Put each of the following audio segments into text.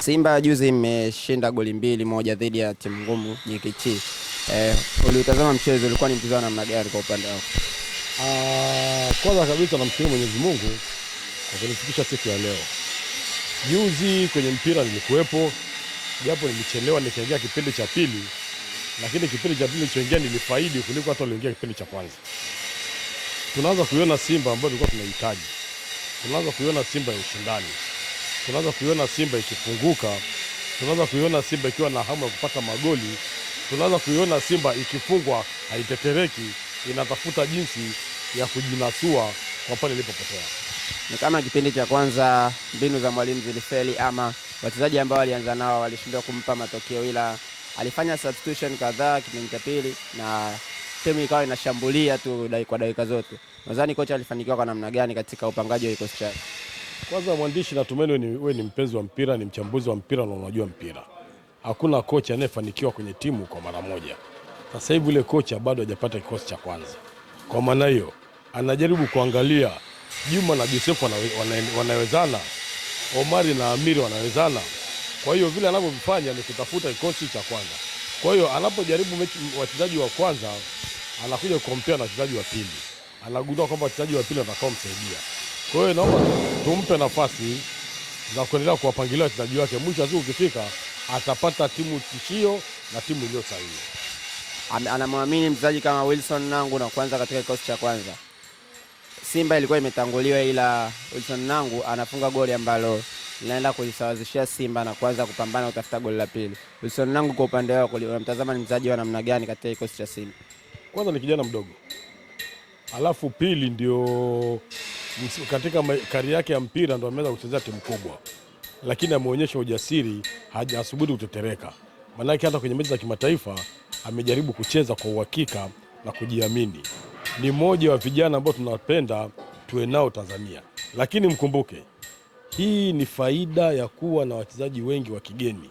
Simba juzi imeshinda goli mbili moja dhidi ya timu ngumu JKT. Eh, uliutazama mchezo, ulikuwa ni mchezo namna gani kwa upande wako? Ah, kwanza kabisa namshukuru Mwenyezi Mungu kwa kunifikisha siku ya leo. Juzi kwenye mpira nilikuwepo, japo nilichelewa nikaingia kipindi cha pili, lakini kipindi cha pili nilichoingia nilifaidi kuliko hata niliingia kipindi cha kwanza. Tunaanza kuiona Simba ambayo tulikuwa tunahitaji, tunaanza kuiona Simba ya ushindani tunaanza kuiona Simba ikifunguka, tunaanza kuiona Simba ikiwa na hamu ya kupata magoli, tunaanza kuiona Simba ikifungwa haitetereki, inatafuta jinsi ya kujinasua kwa pale ilipopotea. Ni kama kipindi cha kwanza mbinu za mwalimu zilifeli, ama wachezaji ambao walianza nao walishindwa kumpa matokeo, ila alifanya substitution kadhaa kipindi cha pili na timu ikawa inashambulia tu kwa dakika zote. Nadhani kocha alifanikiwa kwa namna gani katika upangaji wa kikosi chake? Kwanza mwandishi, natumaini wewe ni mpenzi wa mpira, ni mchambuzi wa mpira na unajua mpira. Hakuna kocha anayefanikiwa kwenye timu kwa mara moja. Sasa hivi yule kocha bado hajapata kikosi cha kwanza. Kwa maana hiyo, anajaribu kuangalia Juma na Josefu wanawezana, Omari na Amiri wanawezana. Kwa hiyo vile anavyofanya ni kutafuta kikosi cha kwanza. Kwa hiyo anapojaribu wachezaji wa kwanza, anakuja kukompea na wachezaji wa pili, anagundua kwamba wachezaji wa pili watakao msaidia kwa hiyo naomba tumpe nafasi za kuendelea kuwapangilia wachezaji wake, mwisho wa siku ukifika atapata timu tishio na timu iliyo sahihi. Anamwamini mchezaji kama Wilson Nangu na kwanza katika kikosi cha kwanza. Simba ilikuwa imetanguliwa, ila Wilson Nangu anafunga goli ambalo linaenda kuisawazishia Simba na kuanza kupambana kutafuta goli la pili. Wilson Nangu, kwa upande wako, unamtazama ni mchezaji wa namna gani katika kikosi cha Simba? Kwanza ni kijana mdogo, alafu pili ndio katika kari yake ya mpira ndo ameweza kuchezea timu kubwa, lakini ameonyesha ujasiri, hajasubiri kutetereka. Maanake hata kwenye mechi za kimataifa amejaribu kucheza kwa uhakika na kujiamini. Ni mmoja wa vijana ambao tunapenda tuwe nao Tanzania, lakini mkumbuke hii ni faida ya kuwa na wachezaji wengi wa kigeni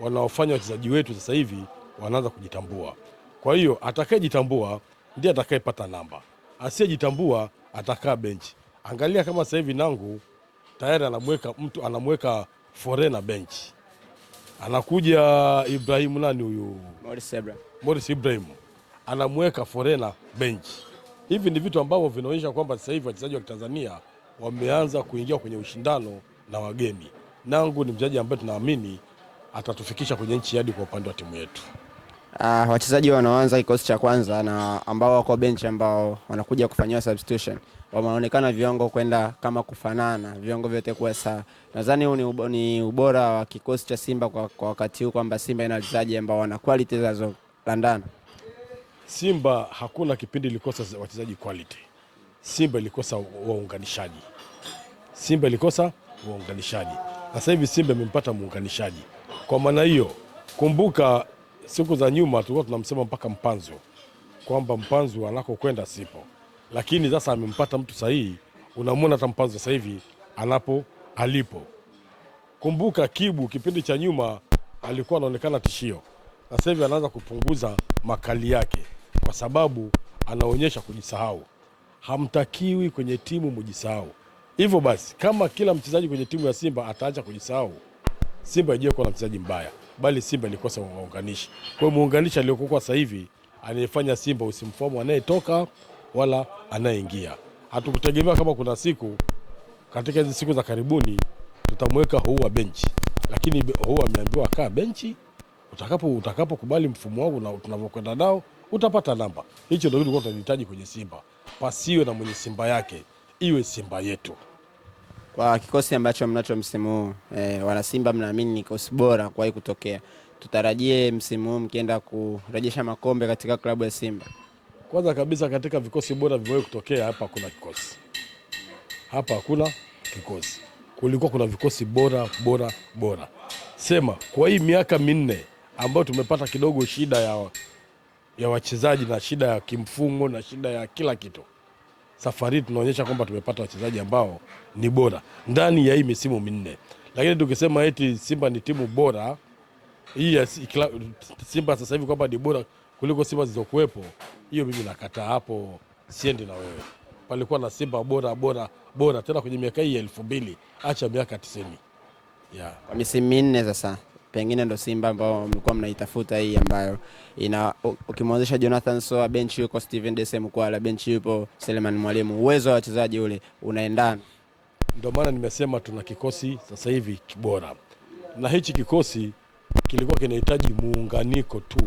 wanaofanya wachezaji wetu sasa hivi wanaanza kujitambua. Kwa hiyo atakayejitambua ndiye atakayepata namba, asiyejitambua atakaa benchi. Angalia kama sasa hivi Nangu tayari anamweka mtu anamweka forena bench, anakuja Ibrahimu nani huyu Morris Ibrahim anamweka forena bench. Hivi ni vitu ambavyo vinaonyesha kwamba sasa hivi wachezaji wa Kitanzania wameanza kuingia kwenye ushindano na wageni. Nangu ni mchezaji ambaye tunaamini atatufikisha kwenye nchi hadi kwa upande wa timu yetu. Uh, wachezaji wanaoanza kikosi cha kwanza na ambao wako bench ambao wanakuja kufanyiwa substitution wameonekana viwango kwenda kama kufanana, viwango vyote kuwa sawa. Nadhani huu ni ubora wa kikosi cha Simba kwa, kwa wakati huu kwamba Simba ina wachezaji ambao wana quality zinazolandana. Simba hakuna kipindi ilikosa wachezaji quality. Simba ilikosa waunganishaji. Simba ilikosa waunganishaji. Sasa hivi Simba imempata muunganishaji. Kwa maana hiyo, kumbuka siku za nyuma tulikuwa tunamsema mpaka Mpanzo kwamba Mpanzo anakokwenda sipo lakini sasa amempata mtu sahihi, unamwona hata mpanzo sasa hivi anapo alipo. Kumbuka Kibu kipindi cha nyuma alikuwa anaonekana tishio, sasa hivi anaanza kupunguza makali yake kwa sababu anaonyesha kujisahau. Hamtakiwi kwenye timu mujisahau. Hivyo basi, kama kila mchezaji kwenye timu ya Simba ataacha kujisahau, Simba ijue kuwa na mchezaji mbaya, bali Simba ilikosa waunganishi. Kwa hiyo muunganishi aliyokuwa sasa hivi anayefanya Simba usimfahamu anayetoka wala anayeingia. Hatukutegemea kama kuna siku katika hizi siku za karibuni tutamweka Ahoua benchi, lakini Ahoua ameambiwa kaa benchi, utakapo utakapokubali mfumo wangu na tunavyokwenda nao utapata namba. Hicho ndio kitu tunahitaji kwenye Simba, pasiwe na mwenye Simba yake, iwe Simba yetu. Kwa kikosi ambacho mnacho msimu huu eh, wana wanasimba mnaamini ni kikosi bora kuwahi kutokea? Tutarajie msimu huu mkienda kurejesha makombe katika klabu ya Simba. Kwanza kabisa katika vikosi bora vivyo kutokea hapa, kuna kikosi hapa, hakuna kikosi, kulikuwa kuna vikosi bora bora bora. Sema kwa hii miaka minne ambayo tumepata kidogo shida ya, ya wachezaji na shida ya kimfungo na shida ya kila kitu, safari tunaonyesha kwamba tumepata wachezaji ambao ni bora ndani ya hii misimu minne, lakini tukisema eti Simba ni timu bora hii Simba sasa hivi kwamba ni bora kuliko Simba zilizokuwepo hiyo mimi nakataa, hapo siendi na wewe. Palikuwa na Simba bora bora bora, tena kwenye miaka hii ya elfu mbili, acha miaka tisini yeah. Kwa misimu minne sasa pengine ndo Simba ambao mlikuwa mnaitafuta hii ambayo ina ukimwanzisha Jonathan Soa benchi yuko Steven Desem Kwala benchi yupo Seleman Mwalimu, uwezo wa wachezaji ule unaendana. Ndio maana nimesema tuna kikosi sasa hivi kibora, na hichi kikosi kilikuwa kinahitaji muunganiko tu,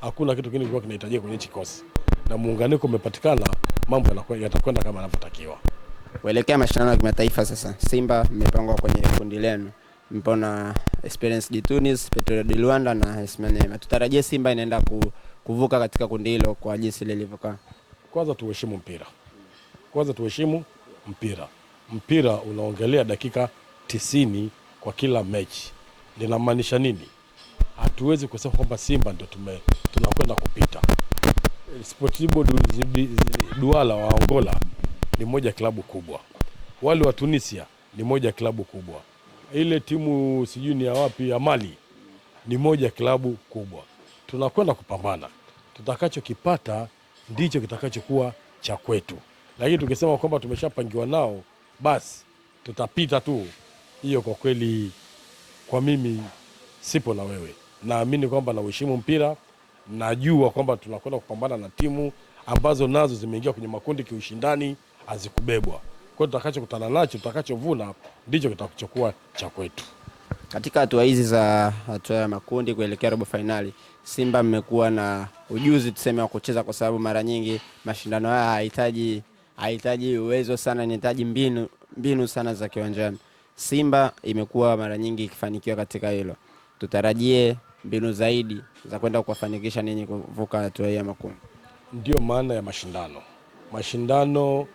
hakuna kitu kingine kilikuwa kinahitajika kwenye hichi kikosi na muunganiko umepatikana, mambo yatakwenda kama yanavyotakiwa. Kuelekea mashindano ya kimataifa sasa, Simba mmepangwa kwenye kundi lenu, mpo na Esperance de Tunis, Petro de Luanda na Ismail. Tutarajie Simba inaenda kuvuka katika kundi hilo kwa jinsi lilivyokaa. Kwanza tuheshimu mpira, kwanza tuheshimu mpira. Mpira unaongelea dakika tisini kwa kila mechi, linamaanisha nini? Hatuwezi kusema kwamba Simba ndio tunakwenda kupita Sportivo Duala wa Angola ni moja klabu kubwa, wale wa Tunisia ni moja klabu kubwa, ile timu sijui ni ya wapi ya Mali ni moja klabu kubwa. Tunakwenda kupambana, tutakachokipata ndicho kitakachokuwa cha kwetu, lakini tukisema kwamba tumeshapangiwa nao basi tutapita tu, hiyo kwa kweli, kwa mimi sipo na wewe. Naamini kwamba na uheshimu mpira najua kwamba tunakwenda kupambana na timu ambazo nazo zimeingia kwenye makundi kiushindani, hazikubebwa. Kwa hiyo tutakachokutana nacho, tutakachovuna ndicho kitakuchokuwa cha kwetu. Katika hatua hizi za hatua ya makundi kuelekea robo fainali, Simba mmekuwa na ujuzi tuseme wa kucheza, kwa sababu mara nyingi mashindano haya hahitaji hahitaji uwezo sana, inahitaji mbinu, mbinu sana za kiwanjani. Simba imekuwa mara nyingi ikifanikiwa katika hilo, tutarajie mbinu zaidi za kwenda kuwafanikisha ninyi kuvuka hatua hii ya makundi. Ndiyo maana ya mashindano. Mashindano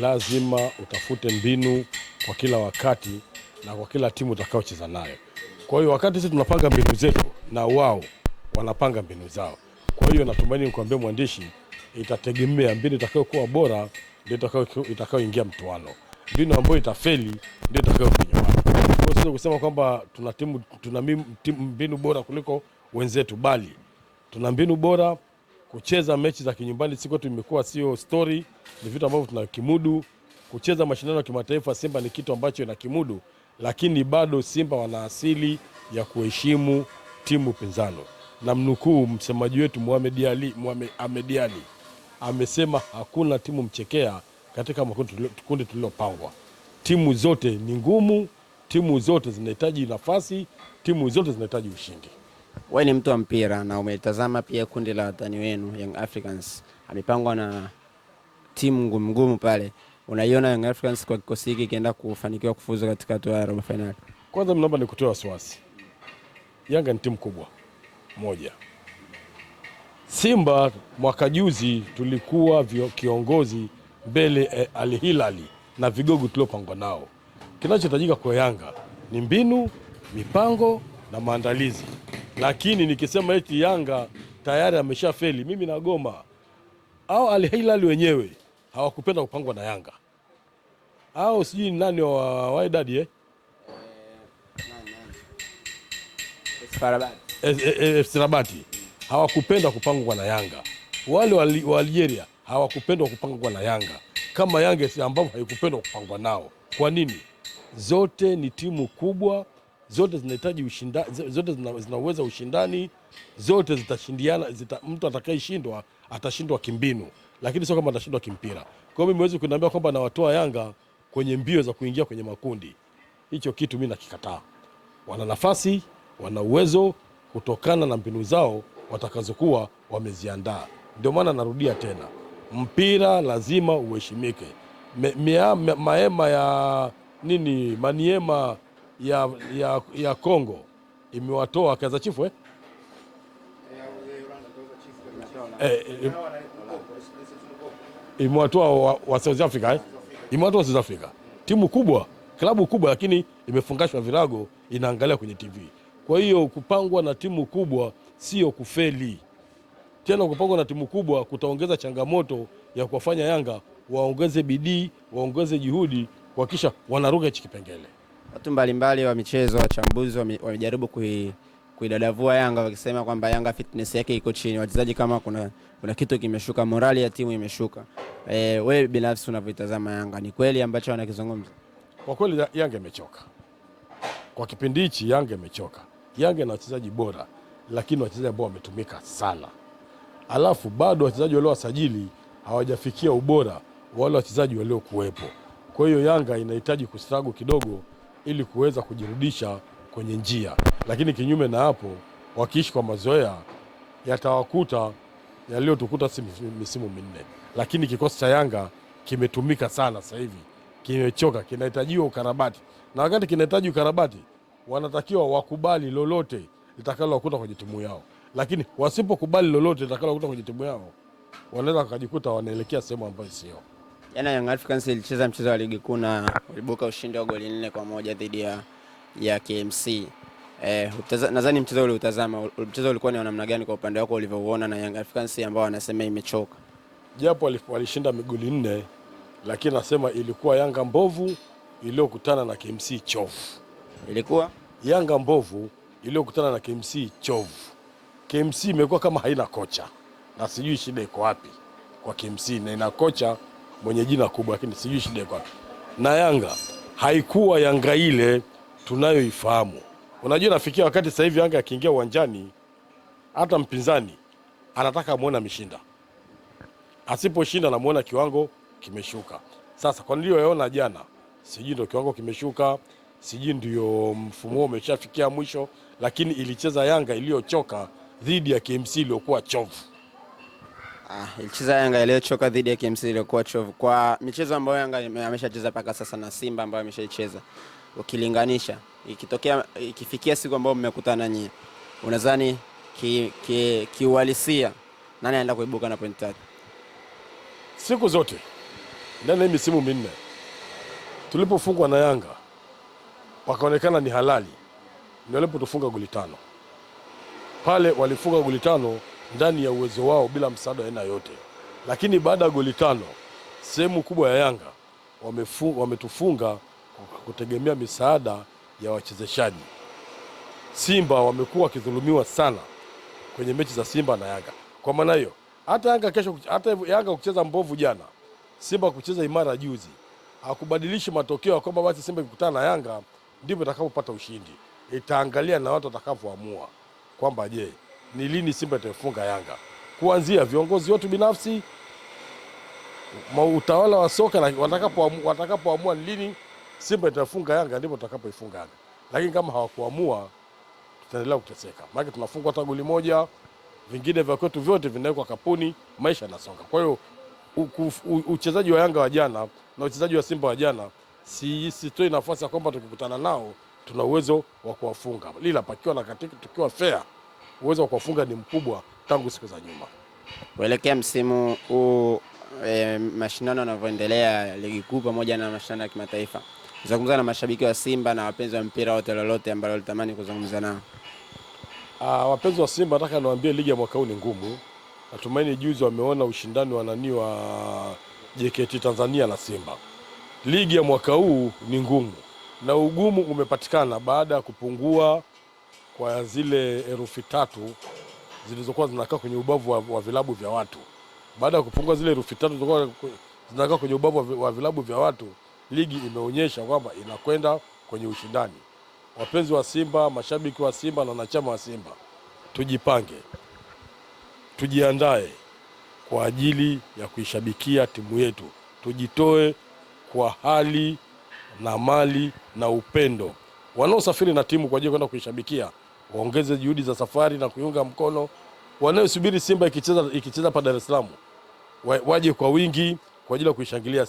lazima utafute mbinu kwa kila wakati na kwa kila timu utakaocheza nayo. Kwa hiyo wakati sisi tunapanga mbinu zetu na wao wanapanga mbinu zao. Kwa hiyo natumaini nikuambia mwandishi, itategemea mbinu itakayokuwa bora ndio itakayoingia mtuano, mbinu ambayo itafeli ndio itakayokuwa tusiweze kusema kwamba tuna timu, tuna mbinu bora kuliko wenzetu, bali tuna mbinu bora. Kucheza mechi za kinyumbani si kwetu imekuwa sio story, ni vitu ambavyo tunakimudu. Kucheza mashindano ya kimataifa Simba ni kitu ambacho ina kimudu lakini bado Simba wana asili ya kuheshimu timu pinzano, na mnukuu msemaji wetu Mohamed Ali, Mohamed Ali amesema hakuna timu mchekea katika makundi tulilopangwa, timu zote ni ngumu. Timu zote zinahitaji nafasi, timu zote zinahitaji ushindi. Wewe ni mtu wa mpira na umetazama pia kundi la watani wenu Young Africans, amepangwa na timu ngumu ngumu pale. Unaiona Young Africans kwa kikosi hiki ikienda kufanikiwa kufuzu katika hatua ya robo fainali? Kwanza mnaomba nikutoe wasiwasi, Yanga ni timu kubwa moja. Simba mwaka juzi tulikuwa vio, kiongozi mbele eh, Al Hilali na vigogo tuliopangwa nao Kinachohitajika kwa Yanga ni mbinu, mipango na maandalizi, lakini nikisema eti Yanga tayari amesha feli mimi nagoma. Au Al Hilal wenyewe hawakupenda kupangwa na Yanga, au sijui nani wa Wydad eh? FC Rabati hawakupenda kupangwa na Yanga, wale wa Algeria hawakupenda kupangwa na Yanga, kama Yanga ambao haikupenda kupangwa nao. Kwa nini? Zote ni timu kubwa, zote zinahitaji ushindani, zote zina uwezo ushindani, zote zitashindiana zita, mtu atakayeshindwa atashindwa kimbinu, lakini sio kama atashindwa kimpira. Kwa hiyo mimi kuniambia kwamba nawatoa Yanga kwenye mbio za kuingia kwenye makundi, hicho kitu mimi nakikataa. Wana nafasi, wana uwezo kutokana na mbinu zao watakazokuwa wameziandaa. Ndio maana narudia tena, mpira lazima uheshimike. Maema ya nini maniema ya, ya, ya Kongo imewatoa kaza chifu eh? eh? Eh, eh, imewatoa wa, wa South Africa eh? imewatoa South Africa, timu kubwa, klabu kubwa, lakini imefungashwa virago, inaangalia kwenye TV. Kwa hiyo kupangwa na timu kubwa sio kufeli tena, kupangwa na timu kubwa kutaongeza changamoto ya kuwafanya Yanga waongeze bidii, waongeze juhudi kuhakikisha wanaruga hichi kipengele. Watu mbalimbali wa michezo, wachambuzi wamejaribu kui kuidadavua Yanga wakisema kwamba Yanga fitness yake iko chini, wachezaji kama kuna, kuna kitu kimeshuka, morali ya timu imeshuka. E, wewe binafsi unavyoitazama Yanga ni kweli ambacho wanakizungumza? Kwa kweli Yanga imechoka kwa kipindi hichi, Yanga imechoka. Yanga na wachezaji bora, lakini wachezaji ambao wametumika sana, alafu bado wachezaji waliowasajili hawajafikia ubora wale wachezaji waliokuwepo. Kwa hiyo Yanga inahitaji kustragu kidogo ili kuweza kujirudisha kwenye njia, lakini kinyume na hapo, wakiishi kwa mazoea yatawakuta yaliyotukuta misimu minne. Lakini kikosi cha Yanga kimetumika sana sasa hivi, kimechoka, kinahitajiwa ukarabati, na wakati kinahitaji ukarabati, wanatakiwa wakubali lolote litakalowakuta kwenye timu yao, lakini wasipokubali lolote litakalowakuta kwenye timu yao, wanaweza wakajikuta wanaelekea sehemu ambayo sio Jana yaani Young Africans ilicheza mchezo wa ligi kuu na walibuka ushindi wa goli nne kwa moja dhidi ya, ya KMC. Eh, nadhani mchezo ule utazama, mchezo ulikuwa ni namna gani kwa upande wako ulivyouona na Young Africans ambao wanasema imechoka? Japo walishinda goli nne, lakini nasema ilikuwa Yanga mbovu iliyokutana na KMC chovu. Ilikuwa Yanga mbovu iliyokutana na KMC chovu. KMC imekuwa kama haina kocha na sijui shida iko wapi kwa KMC na ina kocha mwenye jina kubwa, lakini sijui shida kwa Na Yanga haikuwa Yanga ile tunayoifahamu. Unajua, nafikia wakati sasa hivi Yanga akiingia uwanjani, hata mpinzani anataka amwone ameshinda, asiposhinda namwona kiwango kimeshuka. Sasa kwa niliyoyaona jana, sijui ndio kiwango kimeshuka, sijui ndio mfumo umeshafikia mwisho, lakini ilicheza Yanga iliyochoka dhidi ya KMC iliyokuwa chovu. Ah, ilicheza Yanga iliyochoka dhidi ya KMC ilikuwa chovu kwa michezo ambayo Yanga ameshacheza mpaka sasa na Simba ambayo ameshaicheza. Ukilinganisha, ikitokea ikifikia siku ambayo mmekutana nyinyi, unadhani kiuhalisia ki, ki nani anaenda kuibuka na point tatu? Siku zote ndani ya misimu minne tulipofungwa na Yanga wakaonekana ni halali, ndio walipotufunga goli tano pale, walifunga goli tano ndani ya uwezo wao bila msaada aina yote, lakini baada ya goli tano sehemu kubwa ya Yanga wametufunga wame kutegemea misaada ya wachezeshaji. Simba wamekuwa wakidhulumiwa sana kwenye mechi za Simba na Yanga. Kwa maana hiyo hata Yanga kesho, hata Yanga kucheza mbovu jana, Simba kucheza imara juzi, hakubadilishi matokeo kwamba basi Simba ikikutana na Yanga ndipo itakapopata ushindi. Itaangalia na watu watakavyoamua kwamba je ni lini Simba itaifunga Yanga, kuanzia viongozi wote binafsi, utawala wa soka watakapoamua watakapo ni lini Simba itaifunga Yanga, ndipo tutakapoifunga Yanga. Lakini kama hawakuamua tutaendelea kuteseka, maana tunafungwa hata goli moja, vingine vya kwetu vyote vinawekwa kapuni, maisha yanasonga. Kwa hiyo uchezaji wa Yanga wa jana na uchezaji wa Simba wa jana si, sitoi nafasi ya kwamba tukikutana nao tuna uwezo wa kuwafunga, lila pakiwa na katika tukiwa fair uwezo wa kuwafunga ni mkubwa tangu siku za nyuma. Kuelekea msimu huu e, mashindano yanavyoendelea ligi kuu pamoja na mashindano ya kimataifa, zungumza na mashabiki wa Simba na wapenzi wa mpira wote, lolote ambalo litamani kuzungumza nao. Uh, wapenzi wa Simba nataka niwaambie ligi ya mwaka huu ni ngumu. Natumaini juzi wameona ushindani wa nani wa JKT Tanzania na Simba. Ligi ya mwaka huu ni ngumu na ugumu umepatikana baada ya kupungua kwa zile herufi tatu zilizokuwa zinakaa kwenye ubavu wa, wa vilabu vya watu. Baada ya kupungua zile herufi tatu zilizokuwa zinakaa kwenye ubavu wa vilabu vya watu, ligi imeonyesha kwamba inakwenda kwenye ushindani. Wapenzi wa Simba, mashabiki wa Simba na wanachama wa Simba, tujipange, tujiandae kwa ajili ya kuishabikia timu yetu, tujitoe kwa hali na mali na upendo. Wanaosafiri na timu kwa ajili ya kwenda kuishabikia waongeze juhudi za safari na kuiunga mkono. Wanayosubiri Simba ikicheza, ikicheza pa Dar es Salaam waje kwa wingi kwa ajili ya kuishangilia.